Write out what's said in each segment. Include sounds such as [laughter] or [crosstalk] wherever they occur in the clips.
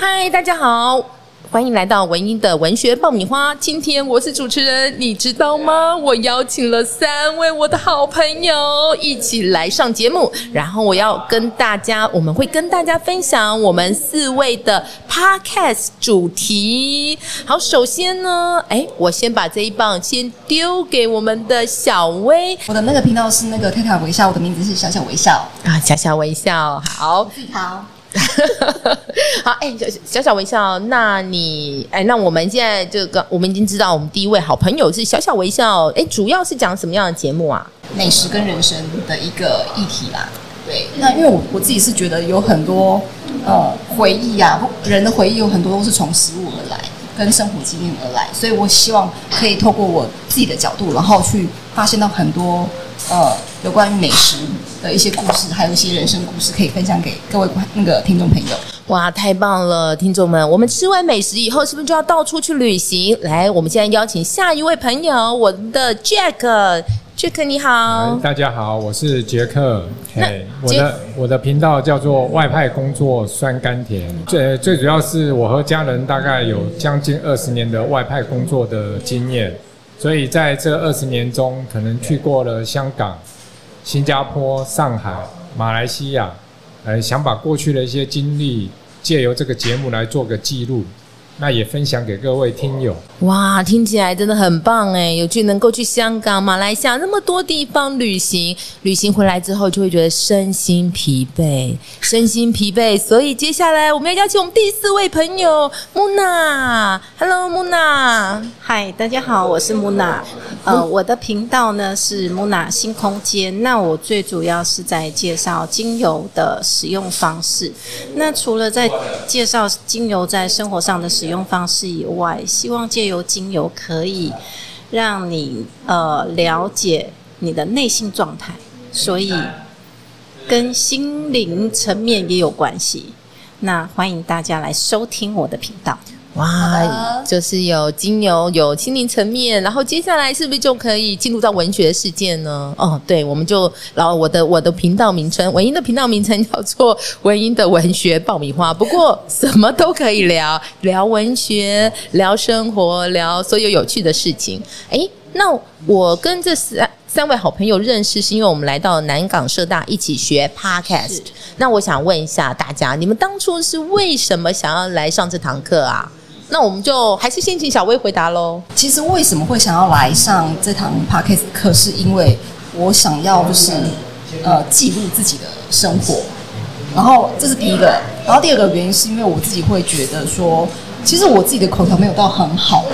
嗨，Hi, 大家好，歡迎來到文霙的文學爆米花。今天我是主持人，你知道嗎？我邀請了三位我的好朋友一起來上節目，然後我要跟大家，我們會跟大家分享我們四位的 podcast 主題。好，首先呢，誒，我先把這一棒先丟給我們的小薇。我的那個頻道是那個特調薇笑，我的名字是小小薇笑啊，小小薇笑，好，好。 [laughs] 好，哎、欸，小小微笑，那你，哎、欸，那我們現在這個，我們已經知道，我們第一位好朋友是小小微笑，哎、欸，主要是講什麼樣的節目啊？美食跟人生的一個議題啦。對、嗯，那因為我我自己是覺得有很多，呃，回憶啊，人的回憶有很多都是從食物而來，跟生活經驗而來，所以我希望可以透過我自己的角度，然後去發現到很多，呃，有關於美食。的一些故事，還有一些人生故事可以分享給各位那個聽眾朋友。哇，太棒了，聽眾們！我們吃完美食以後，是不是就要到處去旅行？來，我們現在邀請下一位朋友，我的 Jack，Jack Jack, 你好，Hi, 大家好，我是 Jack。Hey, 那我的 J 我的頻道叫做外派工作酸甘甜，最、嗯、最主要是我和家人大概有將近二十年的外派工作的經驗，所以在這二十年中，可能去過了香港、新加坡、上海、馬來西亞，呃，想把過去的一些經歷借由這個節目來做個記錄。那也分享給各位聽友。哇，聽起來真的很棒哎！有句能夠去香港、馬來西亞那麼多地方旅行，旅行回來之後就會覺得身心疲憊，身心疲憊。所以接下來我們要邀請我們第四位朋友慕娜。Hello，慕娜。嗨，大家好，我是慕娜。呃，我的頻道呢是慕娜心空間。那我最主要是在介紹精油的使用方式。那除了在介紹精油在生活上的使用。使用方式以外，希望借由精油可以讓你呃了解你的內心狀態，所以跟心靈層面也有關係。那歡迎大家來收聽我的頻道。哇，就是有精油，有心靈層面，然後接下來是不是就可以進入到文學世界呢？哦，對，我們就，然後我的我的頻道名稱文霙的頻道名稱叫做文霙的文學爆米花，不過什麼都可以聊，聊文學，聊生活，聊所有有趣的事情。哎、欸，那我跟這三三位好朋友認識，是因為我們來到南港社大一起學 Podcast 是。那我想問一下大家，你們當初是為什麼想要來上這堂課啊？那我們就還是先請小薇回答嘍。其實為什麼會想要來上這堂 podcast 課，是因為我想要就是呃記錄自己的生活，然後這是第一個。然後第二個原因是因為我自己會覺得說，其實我自己的口條沒有到很好。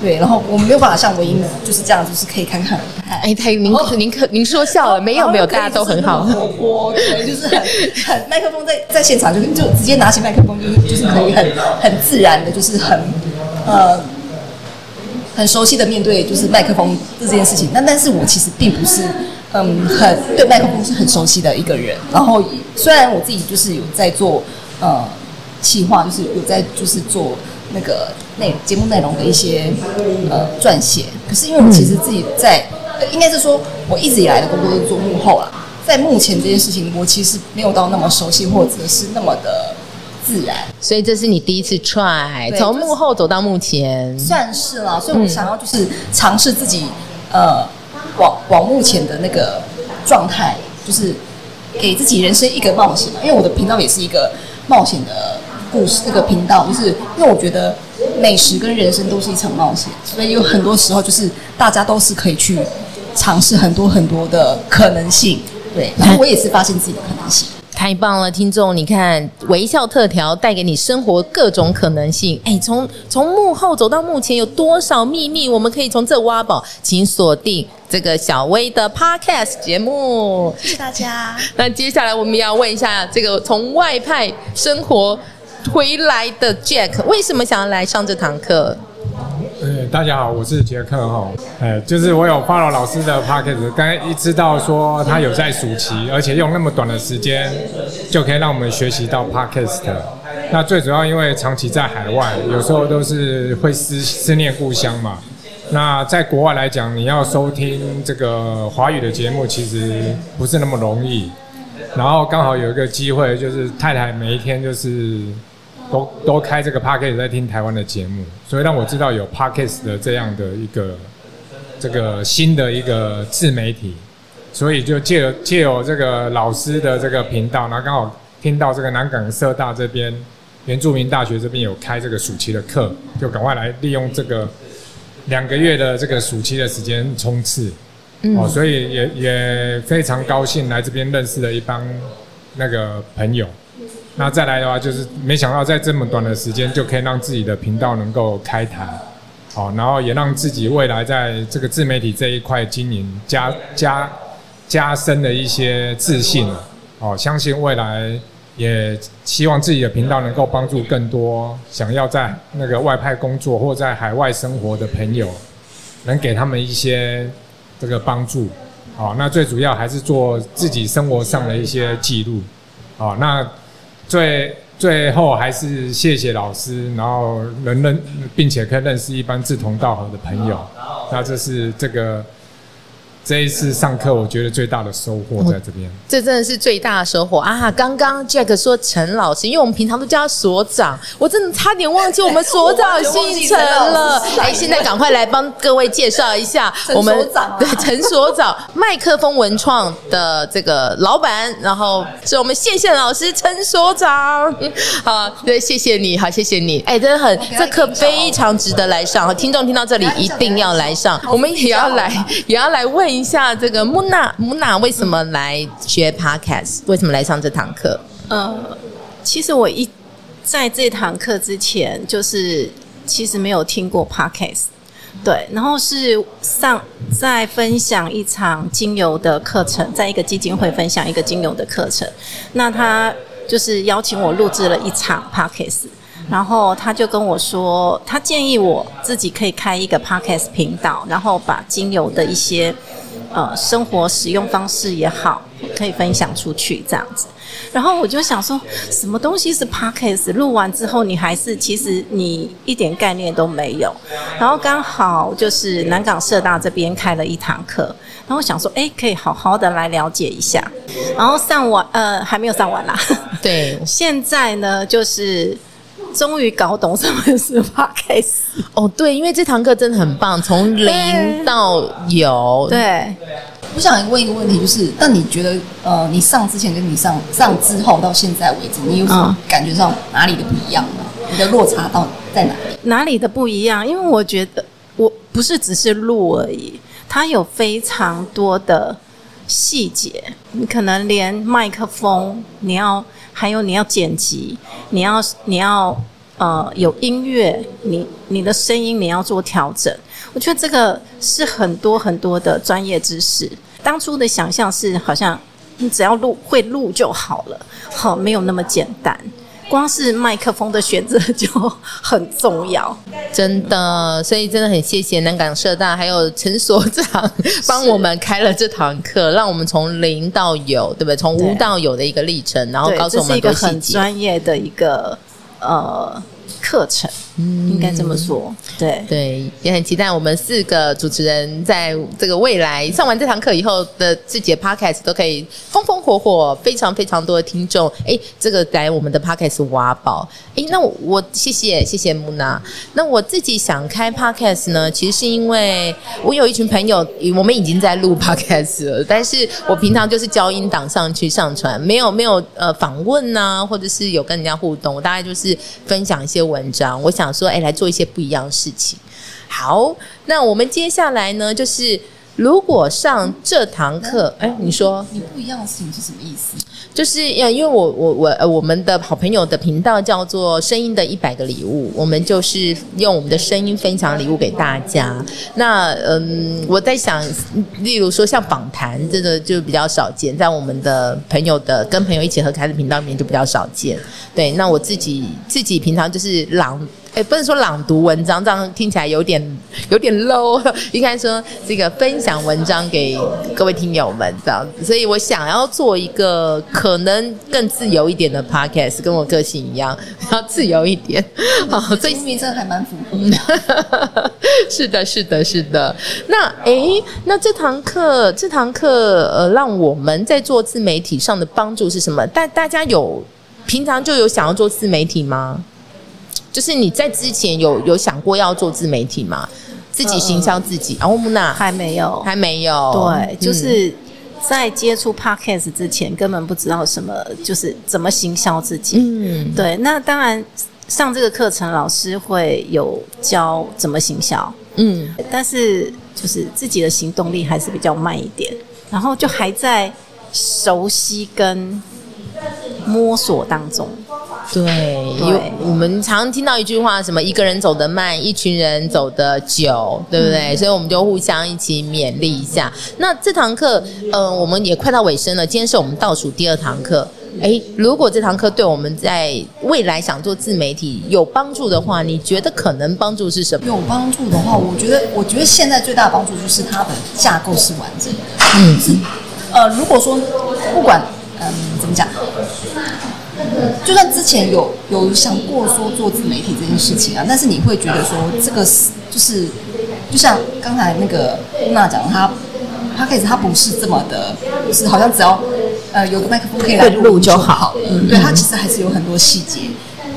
對，然後我們沒有辦法像文霙就是這樣，就是可以看看。哎，太、哎、您後您可您說笑了，沒有好沒有，好沒有大家都很好。我就是很麥克風在在現場就就直接拿起麥克風，就是就是可以很很自然的，就是很呃很熟悉的面對就是麥克風這件事情。但但是我其實並不是、嗯、很很對麥克風是很熟悉的一個人。然後雖然我自己就是有在做呃企劃，就是有在就是做。那個內節、那個、目內容的一些呃、嗯、撰寫寫，可是因為我們其實自己在、嗯、應該是說，我一直以來的工作都做幕後啊，在幕前這件事情，我其實沒有到那麼熟悉或者是那麼的自然，所以這是你第一次 try 從對幕後走到幕前，是算是了、啊。所以，我們想要就是嘗試自己、嗯、呃，往往幕前的那個狀態，就是給自己人生一個冒險，因為我的頻道也是一個冒險的。故事這個頻道，就是因為我覺得美食跟人生都是一場冒險，所以有很多時候就是大家都是可以去嘗試很多很多的可能性。對，啊、然後我也是發現自己的可能性。太棒了，聽眾！你看微笑特調帶給你生活各種可能性。哎，從從幕後走到幕前，有多少秘密我們可以從這挖寶？請鎖定這個小薇的 Podcast 節目。謝謝大家。那接下來我們要問一下這個從外派生活，回來的 Jack 為什麼想要來上這堂課？嗯、欸，大家好，我是 Jack 哈。哎、哦欸，就是我有 follow 老師的 podcast，剛才一知道說他有在暑期，而且用那麼短的時間就可以讓我們學習到 podcast。那最主要因為長期在海外，有時候都是會思思念故鄉嘛。那在國外來講，你要收聽這個華語的節目，其實不是那麼容易。然後剛好有一個機會，就是太太每一天就是。都都開這個 Podcast 在聽台灣的節目，所以讓我知道有 Podcast 的這樣的一個這個新的一個自媒體，所以就借借由這個老師的這個頻道，然後剛好聽到這個南港社大這邊原住民大學這邊有開這個暑期的課，就趕快來利用這個兩個月的這個暑期的時間衝刺，嗯、哦，所以也也非常高興來這邊認識了一幫那個朋友。那再來的話就是，沒想到在這麼短的時間就可以讓自己的頻道能夠開台，好、哦，然後也讓自己未來在這個自媒體這一塊經營加加加深了一些自信，好、哦，相信未來也希望自己的頻道能夠幫助更多想要在那個外派工作或在海外生活的朋友，能給他們一些這個幫助，好、哦，那最主要還是做自己生活上的一些記錄，好、哦，那。最最後還是謝謝老師，然後能認並且可以認識一幫志同道合的朋友，那就是這個。這一次上課，我覺得最大的收穫在這邊。這真的是最大的收穫啊！剛剛 Jack 說陳老師，因為我們平常都叫他所長，我真的差點忘記我們所長姓陳了。哎、欸欸，現在趕快來幫各位介紹一下我們陳所、啊、對，陳所長，麥克風文創的這個老板。然後是我們謝謝老師陳所長，好，對，謝謝你，好，謝謝你。哎、欸，真的很，要這課非常值得來上，聽眾聽到這裡一定要來上，我們也要來，也要來問一下。一下這個慕娜慕娜為什麼來學 Podcast？嗯、為什麼來上這堂課？呃，其實我一在這堂課之前，就是其實沒有聽過 Podcast。對，然後是上在分享一場精油的課程，在一個基金會分享一個精油的課程。那他就是邀請我錄製了一場 Podcast，然後他就跟我說，他建議我自己可以開一個 Podcast 頻道，然後把精油的一些。呃，生活使用方式也好，可以分享出去這樣子。然後我就想說，什麼東西是 Podcast，錄完之後，你還是其實你一點概念都沒有。然後剛好就是南港社大這邊開了一堂課，然後想說，哎，可以好好的來了解一下。然後上完，呃，還沒有上完啦。 [laughs] 對，現在呢，就是。終於搞懂什麼是 Podcast，哦，對，因為這堂課真的很棒，從零到有。對，我想問一個問題，就是，那你覺得，呃，你上之前跟你上上之後到現在為止，你有什麼感覺上哪裡的不一樣呢？你的落差到底在哪裡？哪裡的不一樣？因為我覺得我不是只是錄而已，它有非常多的細節，你可能連麥克風、哦、你要。還有你要剪輯，你要你要呃有音樂，你你的聲音你要做調整。我覺得這個是很多很多的專業知識。當初的想象是好像你只要錄會錄就好了，好，哦，沒有那麼簡單。光是麥克風的選擇就很重要，真的。所以真的很謝謝南港社大，還有陳所長幫我們開了這堂課，是讓我們從零到有，對不對？從無到有的一個歷程，對然後告訴我們很多細節。這是一個很專業的一個呃。課程，嗯，應該這麼說，嗯、對對，也很期待，我們四個主持人在這個未來上完這堂課以後的自己的 Podcast 都可以風風火火，非常非常多的聽眾。哎，這個在我們的 Podcast 挖寶。哎，那我，我謝謝謝謝慕娜。那我自己想開 Podcast 呢，其實是因為我有一群朋友，我們已經在錄 Podcast 了，但是我平常就是交音檔上去上傳，沒有沒有呃訪問吶、啊，或者是有跟人家互動，我大概就是分享一些我。文章，我想說，哎、欸，來做一些不一樣的事情。好，那我們接下來呢，就是。如果上這堂課，哎，你說你不一樣的是什麼意思？就是因為我我我呃，我們的好朋友的頻道叫做“聲音的一百個禮物”，我們就是用我們的聲音分享禮物給大家。那嗯，我在想，例如說像訪談這個就比較少見，在我們的朋友的跟朋友一起合開的頻道裡面就比較少見。對，那我自己自己平常就是朗。哎，不能說朗讀文章，這樣聽起來有點有點 low。應該說這個分享文章給各位聽友們這樣子。所以我想要做一個可能更自由一點的 podcast，跟我個性一樣，要自由一點。嗯、好，這名字還蠻符合的。是的，是的，是的。那哎，那這堂課，這堂課呃，讓我們在做自媒體上的幫助是什麼？但大家有平常就有想要做自媒體嗎？就是你在之前有有想過要做自媒體嗎？自己行銷自己？然後慕娜還沒有，還沒有。對，嗯、就是在接觸 podcast 之前，根本不知道什麼，就是怎麼行銷自己。嗯，對。那當然上這個課程，老師會有教怎麼行銷。嗯，但是就是自己的行動力還是比較慢一點，然後就還在熟悉跟摸索當中。對，因為我們常聽到一句話，什麼一個人走得慢，一群人走得久，對不對？嗯、所以我們就互相一起勉勵一下。那這堂課，呃，我們也快到尾聲了，今天是我們倒數第二堂課。誒，如果這堂課對我們在未來想做自媒體有幫助的話，你覺得可能幫助是什麼？有幫助的話，我覺得，我覺得現在最大的幫助就是它的架構是完整。嗯。呃，如果說不管嗯、呃、怎麼講。就算之前有有想過說做自媒體這件事情啊，但是你會覺得說這個是就是，就像剛才那個娜講，他他其實他不是這麼的，就是好像只要呃有個麥克風可以來錄就好，對就好嗯，對他、嗯、其實還是有很多細節，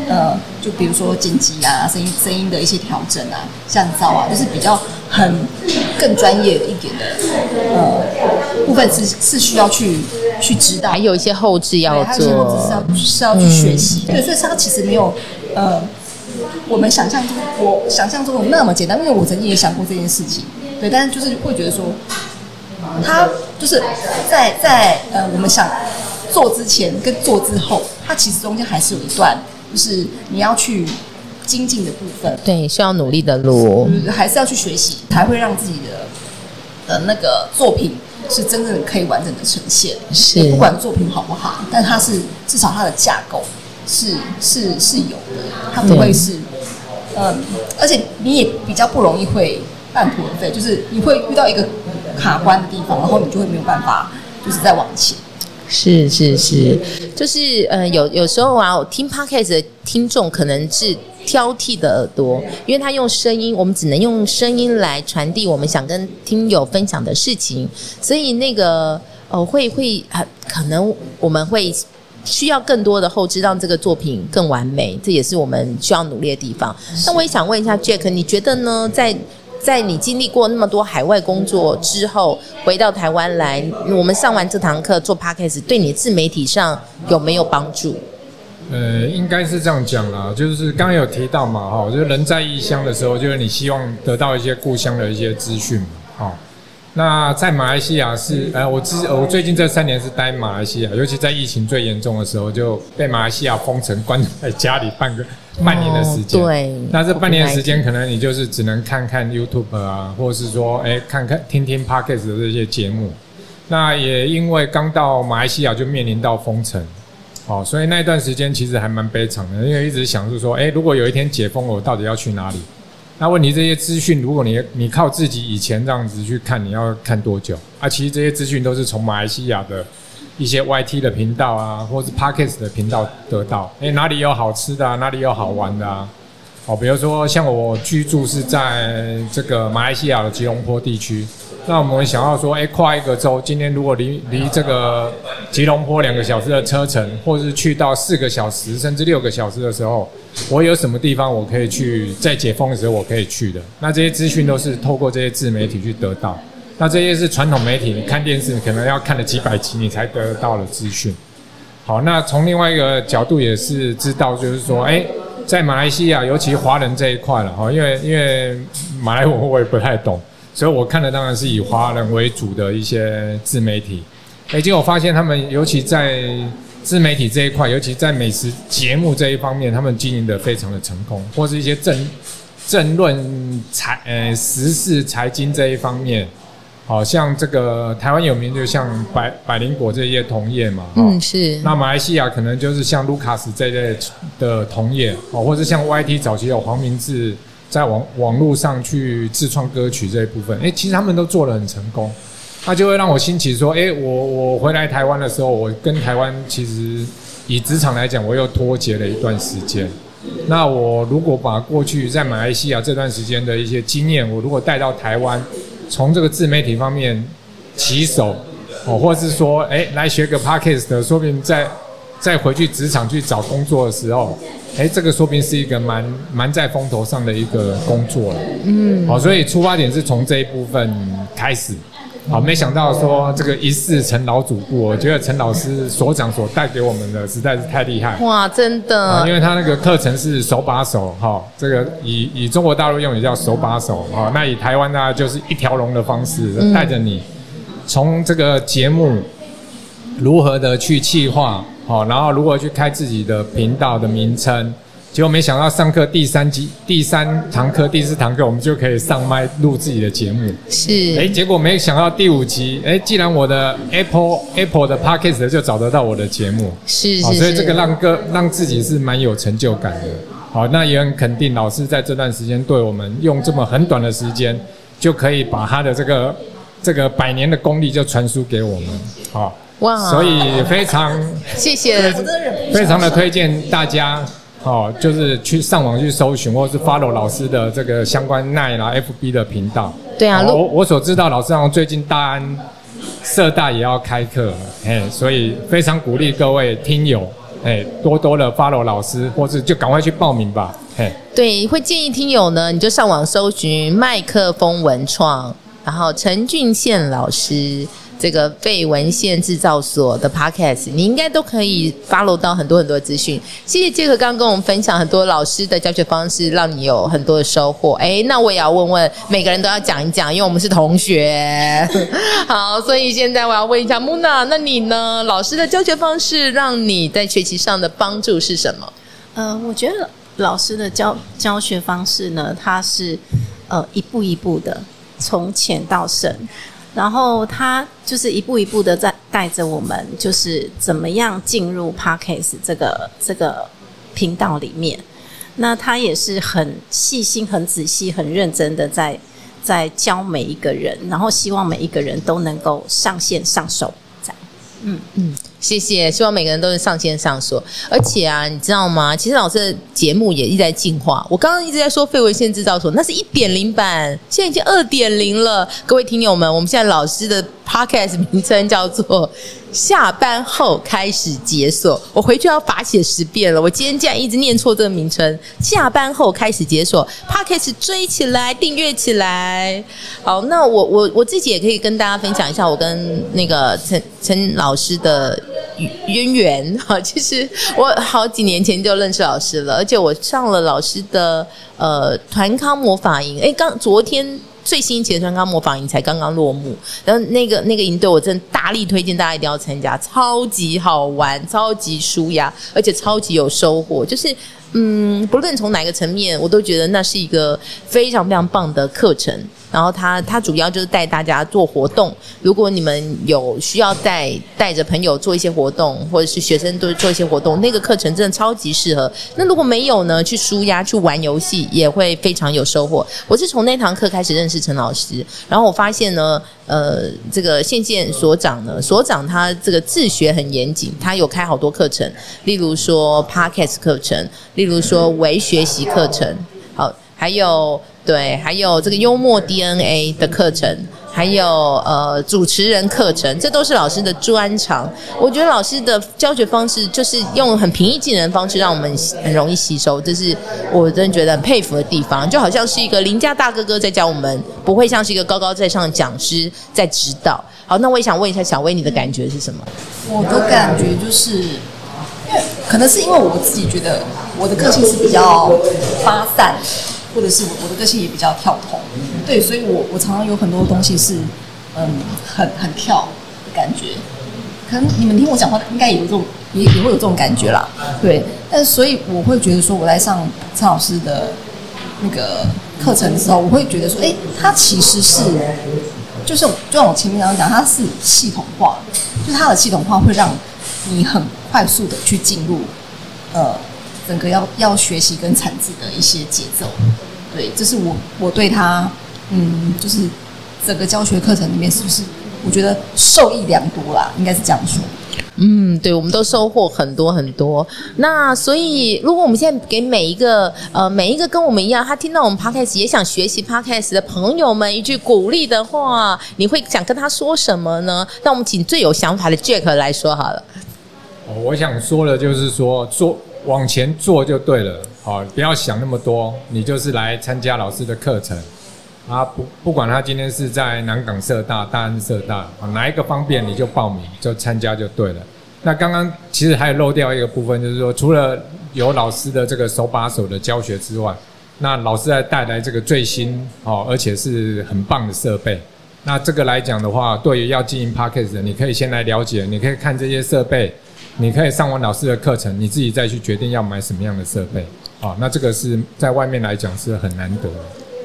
呃，就比如說剪輯啊、聲音聲音的一些調整啊、降噪啊，就是比較很更專業一點的呃部分是是需要去。去知道，還有一些後製要做，還有一些後製是要是要去學習。嗯、對，所以他其實沒有呃我們想象中我想象中的那麼簡單。因為我曾經也想過這件事情，對，但是就是會覺得說，他、啊、就是在在呃我們想做之前跟做之後，他其實中間還是有一段，就是你要去精進的部分，對，需要努力的路，是還是要去學習，才會讓自己的。的那個作品是真正可以完整的呈現，是，不管作品好不好，但它是至少它的架構是是是有的，它不會是嗯對、呃，而且你也比較不容易會半途而廢，就是你會遇到一個卡關的地方，然後你就會沒有辦法，就是再往前。是是是，是是就是嗯、呃，有有時候啊，我聽 Podcast 的聽眾可能是。挑剔的耳朵，因為他用聲音，我們只能用聲音來傳遞我們想跟聽友分享的事情，所以那個呃會會很、啊、可能我們會需要更多的後製，讓這個作品更完美，這也是我們需要努力的地方。那我也想問一下 Jack，你覺得呢？在在你經歷過那麼多海外工作之後，回到台灣來，我們上完這堂課做 Podcast 對你自媒體上有沒有幫助？呃，應該是這樣講啦，就是剛剛有提到嘛，哈、哦，就是人在異鄉的時候，就是你希望得到一些故鄉的一些資訊嘛，哈、哦。那在馬來西亞是，嗯、呃，我之好我最近這三年是待馬來西亞，尤其在疫情最嚴重的時候，就被馬來西亞封城，關在家裡半個半年的時間、哦。對。那這半年的時間，可能你就是只能看看 YouTube 啊，或者是說，哎、欸，看看聽聽 Podcast 的這些節目。那也因為剛到馬來西亞，就面臨到封城。哦，所以那段時間其實還蠻悲慘的，因為一直想就是說，誒、欸，如果有一天解封我到底要去哪裡？那問題這些資訊，如果你你靠自己以前這樣子去看，你要看多久啊？其實這些資訊都是從馬來西亞的一些 YT 的頻道啊，或是 Podcast 的頻道得到。誒、欸，哪裡有好吃的啊？哪裡有好玩的啊？哦，比如說像我居住是在這個馬來西亞的吉隆坡地區。那我們想要說，誒、欸，跨一個州，今天如果離離這個吉隆坡兩個小時的車程，或是去到四個小時甚至六個小時的時候，我有什麼地方我可以去？在解封的時候我可以去的。那這些資訊都是透過這些自媒體去得到。那這些是傳統媒體，你看電視，你可能要看了幾百集，你才得到的資訊。好，那從另外一個角度也是知道，就是說，誒、欸，在馬來西亞，尤其華人這一塊了哈，因為因為馬來文我也不太懂。所以我看的當然是以華人為主的一些自媒體，哎、欸，結果我發現他們尤其，在自媒體這一塊，尤其在美食節目這一方面，他們經營的非常的成功，或是一些政政論財呃時事財經這一方面，好、哦、像這個台灣有名就像百百靈果這些同業嘛，哦、嗯，是。那馬來西亞可能就是像盧卡斯這一類的同業，哦，或者像 Y T 早期有、哦、黃明志。在網網絡上去自創歌曲這一部分，誒、欸、其實他們都做得很成功，他就會讓我興起說，誒、欸、我我回來台灣的時候，我跟台灣其實以職場來講，我又脫節了一段時間。那我如果把過去在馬來西亞這段時間的一些經驗，我如果帶到台灣，從這個自媒體方面起手，哦，或是說，哎、欸，來學個 Podcast，說不定在。再回去職場去找工作的時候，誒、欸、這個說不定是一個蠻蠻在風頭上的一個工作了。嗯，好，所以出發點是從這一部分開始。好，沒想到說這個一試成老主顧，我覺得陳老師所講所帶給我們的實在是太厲害。哇，真的。好，因為他那個課程是手把手哈、哦，這個以以中國大陸用語叫手把手哈、哦，那以台灣大家就是一條龍的方式帶着你，從、嗯、這個節目如何的去企劃。好，然後如何去開自己的頻道的名稱，結果沒想到上課第三集、第三堂課、第四堂課，我們就可以上麥錄自己的節目。是，誒結果沒想到第五集，誒既然我的 Apple Apple 的 Podcast 就找得到我的節目。是好、哦，所以這個讓哥讓自己是蠻有成就感的。好是、哦，那也很肯定老師在這段時間對我們用這麼很短的時間，就可以把他的這個這個百年的功力就傳輸給我們。好是。哦哇！Wow, 所以非常 [laughs] 謝謝了，對非常的推薦大家哦，就是去上網去搜尋，或是 follow 老師的這個相關 LINE 啦 FB 的頻道。對啊，哦、我我所知道，老師好像最近大安、社大也要開課，嘿，所以非常鼓勵各位聽友，嘿，多多的 follow 老師，或是就趕快去報名吧，嘿。對，會建議聽友呢，你就上網搜尋麥克風文創，然後陳俊憲老師。這個非文獻制造所的 podcast，你應該都可以 follow 到很多很多的資訊。謝謝杰克，剛跟我們分享很多老師的教學方式，讓你有很多的收穫。哎，那我也要問問每個人都要講一講，因為我們是同學。 [laughs] 好，所以現在我要問一下慕娜，那你呢？老師的教學方式讓你在學習上的幫助是什麼？呃，我覺得老師的教教學方式呢，它是呃一步一步的，從淺到深。然後他就是一步一步的在帶着我們，就是怎麼樣進入 Podcast 這個這個頻道裡面。那他也是很細心、很仔細、很認真的在在教每一個人，然後希望每一個人都能夠上線上手，這樣。嗯嗯。謝謝，希望每個人都是上線上鎖。而且啊，你知道嗎？其實老師的節目也一直在進化。我剛剛一直在說“廢文獻製造所”，那是一點零版，現在已經二點零了。各位聽友們，我們現在老師的 podcast 名稱叫做。下班後開始解鎖，我回去要罰寫十遍了。我今天竟然一直念錯這個名稱。下班後開始解鎖，Podcast 追起來，訂閱起來。好，那我我我自己也可以跟大家分享一下我跟那個陳陳老師的淵源。好，其實我好幾年前就認識老師了，而且我上了老師的呃團康魔法營。哎，剛昨天。最新一期的川剛，剛模仿營才剛剛落幕，然後那個那個營隊我真的大力推薦，大家一定要參加，超級好玩，超級舒壓，而且超級有收穫。就是嗯，不論從哪個層面，我都覺得那是一個非常非常棒的課程。然後他他主要就是帶大家做活動。如果你們有需要帶帶着朋友做一些活動，或者是學生都做一些活動，那個課程真的超級適合。那如果沒有呢？去紓壓、去玩遊戲也會非常有收穫。我是從那堂課開始認識陳老師，然後我發現呢，呃，這個俊憲所長呢，所長他這個自學很嚴謹，他有開好多課程，例如說 Podcast 課程，例如說微學習課程，好，還有。對，還有這個幽默 DNA 的課程，還有呃主持人課程，這都是老師的專長。我覺得老師的教學方式就是用很平易近人的方式，讓我們很容易吸收，這是我真的覺得很佩服的地方。就好像是一個鄰家大哥哥在教我們，不會像是一個高高在上的講師在指導。好，那我也想問一下小薇，你的感覺是什麼？我的感覺就是，可能是因為我自己覺得我的個性是比較發散。或者是我我的個性也比較跳脫，對，所以我我常常有很多東西是嗯很很跳的感覺，可能你們聽我講話應該也有這種也也會有這種感覺啦，對。但所以我會覺得說我在上陳老師的那個課程的時候，我會覺得說，哎、欸，他其實是就是就像我前面剛剛講，他是系統化，就是他的系統化會讓你很快速的去進入呃整個要要學習跟產製的一些節奏。對，這是就是我我對他，嗯，就是整個教學課程裡面，是不是我覺得受益良多啦？應該是這樣說。嗯，對，我們都收穫很多很多。那所以，如果我們現在給每一個呃每一個跟我們一樣，他聽到我們 Podcast 也想學習 Podcast 的朋友們一句鼓勵的話，你會想跟他說什麼呢？那我們請最有想法的 Jack 來說好了。我想說的，就是說說。說往前做就對了，好，哦，不要想那麼多，你就是來參加老師的課程，啊，不不管他今天是在南港社大、大安社大、啊，哪一個方便你就報名就參加就對了。那剛剛其實還有漏掉一個部分，就是說，除了有老師的這個手把手的教學之外，那老師還帶來這個最新，哦、而且是很棒的設備。那這個來講的話，對於要經營 Podcast 你可以先來了解，你可以看這些設備。你可以上完老師的課程，你自己再去決定要買什麼樣的設備，啊、哦，那這個是在外面來講是很難得。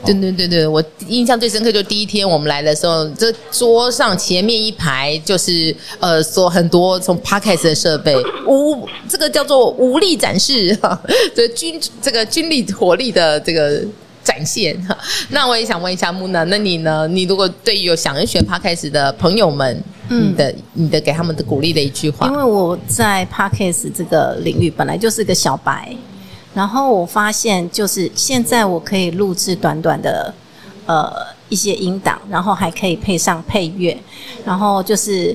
對、哦、對對對，我印象最深刻就是第一天我們來的時候，這桌上前面一排就是呃，說很多從 Podcast 的設備，無這個叫做武力展示，這、啊就是、軍這個軍力火力的這個。展現。 [laughs] 那我也想問一下慕娜，那你呢？你如果對於有想要選 Podcast 的朋友們，嗯，你的你的給他們的鼓勵的一句話，因為我在 Podcast 這個領域本來就是個小白，然後我發現就是現在我可以錄制短短的呃一些音檔，然後還可以配上配樂，然後就是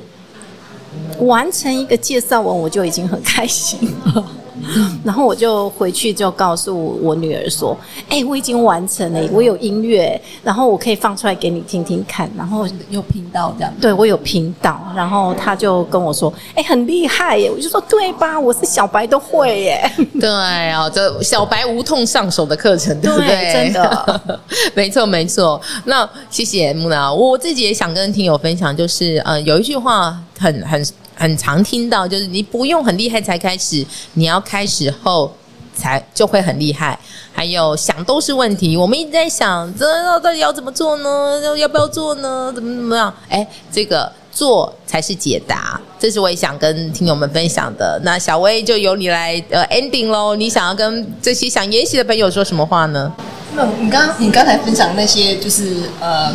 完成一個介紹文，我就已經很開心了。 [laughs] 嗯、然後我就回去就告訴我女兒說：“哎、嗯欸，我已經完成了，嗯、我有音樂，嗯、然後我可以放出來給你聽聽看。”然後有頻道這樣子，對我有頻道。然後她就跟我說：“哎、欸，很厲害耶！”我就說：“對吧？我是小白都會耶。對” [laughs] 對啊，這、哦、小白無痛上手的課程，對不對？對真的， [laughs] 沒錯，沒錯。那謝謝慕娜，我自己也想跟聽友分享，就是呃，有一句話很很。很常聽到，就是你不用很厲害才開始，你要開始後才就會很厲害。還有想都是問題，我們一直在想這到底要怎麼做呢？要不要做呢？怎麼怎麼樣？哎，這個做才是解答。這是我也想跟聽友們分享的。那小薇就由你來呃 ending 咯。你想要跟這些想研習的朋友說什麼話呢？那你剛你剛才分享那些就是呃，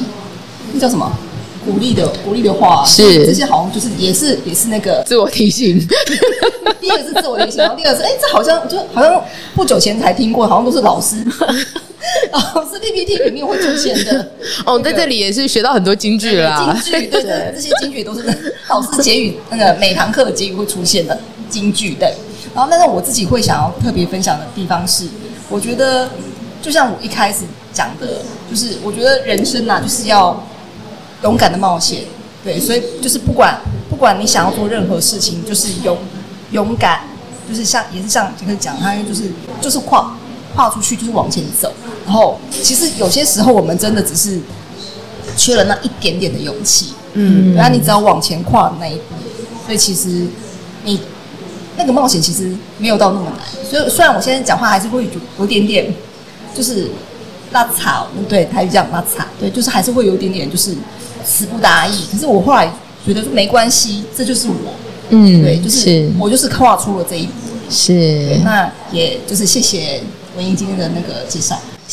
那叫什麼？鼓勵的鼓勵的話，是這些好像就是也是也是那個自我提醒。 [laughs] 第一個是自我提醒，然後第二個是哎，這好像就好像不久前才聽過，好像都是老師， [laughs] 老師 PPT 裡面會出現的。哦，在、那個、這裡也是學到很多金句啦，金句對對，對，對對， [laughs] 這些金句都是老師結語那個每堂課的結語會出現的金句。對，然後那個我自己會想要特別分享的地方是，我覺得就像我一開始講的，就是我覺得人生吶、啊、就是要。勇敢的冒險，對，所以就是不管不管你想要做任何事情，就是勇勇敢，就是像也是像傑克講，他就是就是跨跨出去，就是往前走。然後其實有些時候我們真的只是缺了那一點點的勇氣，嗯，然後你只要往前跨那一步，所以其實你那個冒險其實沒有到那麼難。所以雖然我現在講話還是會有有點點就是拉扯，對，他就講拉扯，對，就是還是會有一點點就是。詞不達意，可是我後來覺得說沒關係，這就是我，嗯，對，就是，是我就是跨出了這一步。是，那也就是謝謝文霙今天的那個介紹。謝謝謝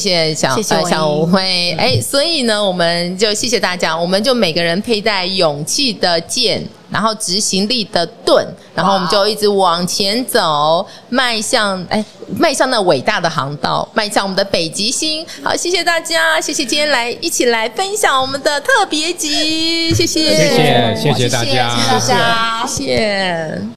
謝小謝謝、呃、小吳輝，哎、嗯欸，所以呢，我們就謝謝大家，我們就每個人佩戴勇氣的劍，然後執行力的盾，然後我們就一直往前走，邁哇向哎，邁、欸、向那偉大的航道，邁向我們的北極星。好，謝謝大家，謝謝今天來一起來分享我們的特別集，謝謝謝謝大家，謝謝大家，謝，謝。謝謝。